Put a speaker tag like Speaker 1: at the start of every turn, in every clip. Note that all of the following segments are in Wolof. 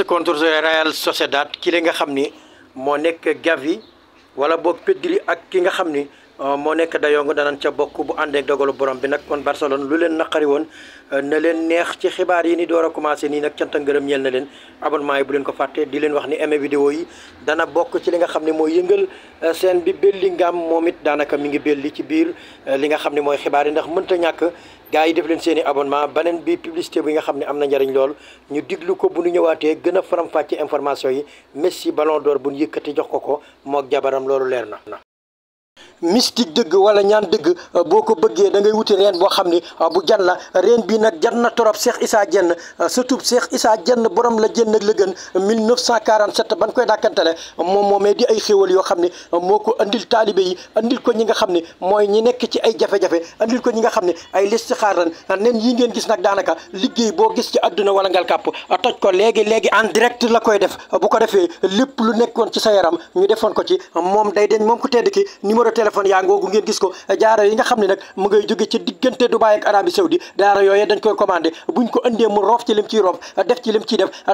Speaker 1: match contre Real Sociedad ki li nga xam ni moo nekk Gavi wala boog Pedri ak ki nga xam ni Euh, moo nekk dayong danañ ca bokk bu àndeek dogalu borom bi nag kon Barcelone lu leen naqari woon euh, na leen neex ci xibaar yi ni door a commencé nii nag canta ngërëm ñeel na leen abonnement yi bu leen ko fàtte di leen wax ni aimé yi dana bokk ci li nga xam ne mooy yëngal euh, seen bi Bellingham moom it mi ngi belli ci biir li nga xam ne mooy xibaar yi ndax mënta ñàkk gars yi def leen seeni i abonnement baneen bi publicité bi nga xam ne am na njariñ lool ñu diglu ko bu ñu ñëwaatee gën a faram-fàcce information yi Messi ballon d'or bu ñu yëkkati jox ko ko mook jabaram loolu leer na mystique dëgg wala ñaan dëgg euh, boo ko bëggee da ngay wuti reen boo xam ni euh, bu jan la reen bi nag jan na torop Cheikh Issa Diène euh, surtout Cheikh Issa jenn borom la jën nag la gën 1947 ban koy dàkkantele moom moomee di ay xéwal yoo xam ne moo ko andil taalibe yi andil ko ñi nga xam ne mooy ñi nekk ci ay jafe-jafe andil ko ñi nga xam ne ay listixaar lan nen yi ngeen gis nag daanaka liggéey boo gis ci àdduna wala ngal kàpp toj ko léegi léegi en direct la koy def bu ko defee lépp lu nekkoon ci sa yaram ñu defoon ko ci téléphone yaa ngoogu ngeen gis ko jaaro yi nga xam ne nag mu ngay jóge ca diggante Dubaay ak Arabie Saoudi jaaro yooyee dañ koy commandé buñ ko indee mu roof ci lim ciy roof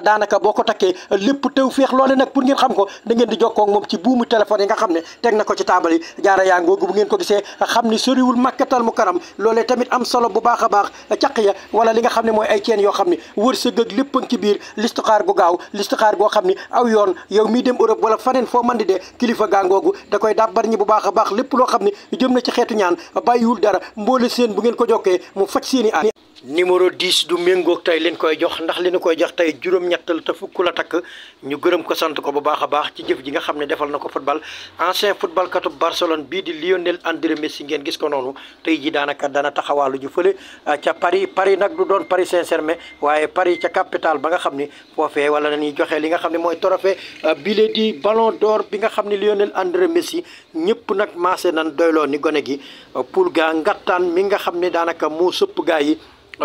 Speaker 1: daanaka boo ko takkee lépp tew féex loole nag pour ngeen xam ko da ngeen di jokkoo ak moom ci buumu téléphone yi nga xam ne teg na ko ci taabal jaaro yaa ngoogu bu ngeen ko gisee xam ni soriwul makkatal mu karam loolee tamit am solo bu baax a baax caq ya wala li nga xam ne mooy ay ceen yoo xam ne wërsëg ak lépp ci biir listixaar gu gaaw listixaar goo xam ni aw yoon yow miy dem Europe wala faneen foo mën di dee kilifa gaangoogu da koy dàbbar a baax lépp loo xam ne na ci xeetu ñaan bàyyiwul dara mboole seen bu ngeen ko jokkee mu faj seen i aar numéro 10 du méngoog tey leen koy jox ndax li ñu koy jox tey juróom-ñett la te fukk la takk ñu gërëm ko sant ko bu baax a baax ci jëf ji nga xam ne defal na ko football ancien football katu Barcelone bii di Lionel André Messi ngeen gis ko noonu te ji daanaka dana taxawalo ju fële ah, ca Paris Paris nag du doon Paris Saint-Germain waaye Paris ca capital ba nga xam ni foofee wala na ñuy joxe li nga xam ne mooy trophée ah, bi di ballon d'or bi nga xam ne Lionel André Messi ñëpp nag commencé nan doyloo ni gone gi poul ga ngattaan mi nga xam ne daanaka mu sëpp gaa yi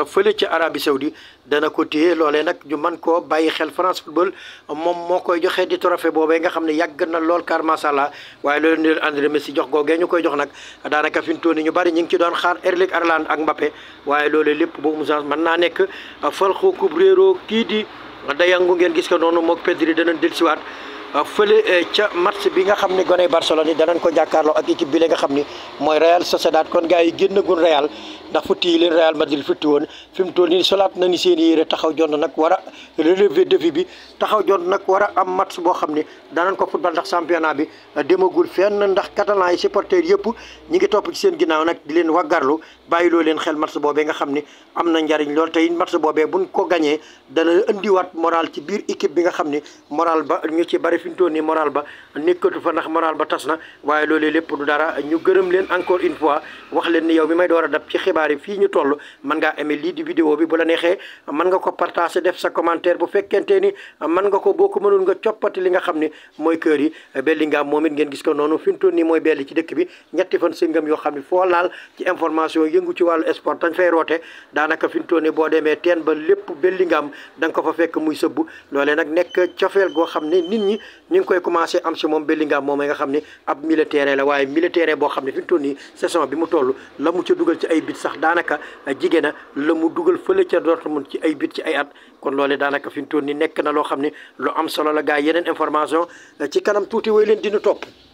Speaker 1: fële ci Arabie Saoudi dana ko téye loolee nag ñu mën koo bàyyi xel France Football moom moo koy joxe di trophée boobe nga xam ne yàgg na lool car masala waaye loolu leen André Messi jox googee ñu koy jox nag daanaka fi mu toll nii ñu bari ñu ngi ci doon xaar Erling Haaland ak Mbappé waaye loolee lépp boobu mu chance mën naa nekk xu Cubrero kii di dayangu ngeen gis ko noonu moog Pedri dana dellusiwaat Euh, fële euh, ca match bi nga xam ni gone Barcelone yi danañ ko jàkkaarloo ak équipe bi la nga xam ni mooy Real Sociedad kon gars yi génnagun Real ndax futti yi leen Real Madrid futti woon fi mu toll nii solaat nañu seen yére taxaw jot nag war a relever défi bi taxaw jot nag war a am match boo xam ne danañ ko football ndax championnat bi demagul fenn ndax catalan yi supporters yëpp ñi ngi topp ci seen ginnaaw nag leen waggarlu bàyyiloo leen xel match boobee nga xam ne am na njariñ lool tey match boobee buñ ko gañee dana indiwaat moral ci biir équipe bi nga xam ne moral ba ñu ci bari fi mu toll nii moral ba nekkatu fa ndax moral ba tas na waaye loolee lépp du dara ñu gërëm leen encore une fois wax leen ni yow mi may door a dab ci xibaar xibaar yi fii ñu toll mën ngaa amee lii di vidéo bi bu la neexee mën nga ko partager def sa commentaire bu fekkente ni mën nga ko boo ko mënul nga coppati li nga xam ne mooy kër yi Bellingham moom it ngeen gis ko noonu fi mu toll nii mooy belli ci dëkk bi ñetti fan sëngam yoo xam ne foo laal ci nga goo xam ne nit ñi ñu ngi koy commencé am si moom Bellingham moom nga xam ne ab militaire la waaye militaire boo xam ne fi mu toll bi mu toll la mu ca dugal ci ay bit sax sax daanaka eh, jigéen a la mu dugal fële ca Dortmund ci ay bit ci ay at kon loolee daanaka fi mu toll nii nekk na loo xam ne lu am solo la gaa yeneen information eh, ci kanam tuuti woy leen dinu topp